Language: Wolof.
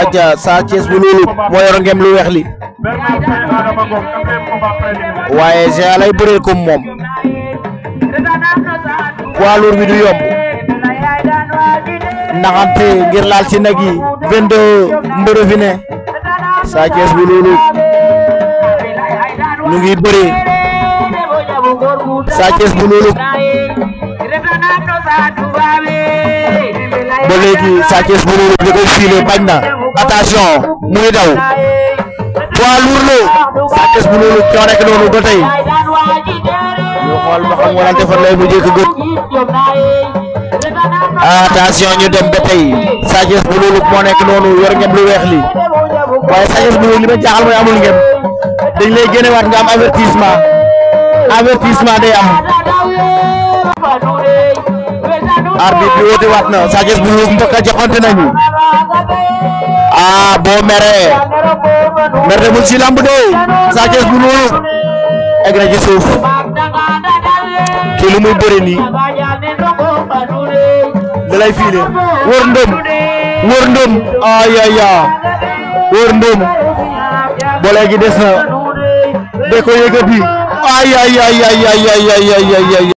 aja Sa Thiès bu loolu moo lu weex li waaye Géant lay bëreel moom poids lourd bi du yomb naxante ngir laal ci nag yi 22 mbërë fi ne Sa bu loolu ñu ngi bëree bu loolu bi Sa Thiès mu ngi koy filer bañ na attention mu daw poids lourd la ba tey ñu xool ba xam wala defar lay mu jëkk gët attention ñu dem ba tey Sa Thiès bu loolu moo nekk noonu yor ngeen lu weex li waaye Sa Thiès bu loolu li ma jaaxal mooy amul ngeen dañ lay génnewaat nga am avertissement avertissement day am arbitre bi woote waat na Sa Thiès bu Rouss Mbarka joxante ah, boo meree mer demul ci lamb de Sa Thiès bu suuf kii muy bëre nii fiile wër ndëm wër ndëm ay ay ay wër ndëm ba léegi des na de ko yëgati ay ay ay ay ay ay ay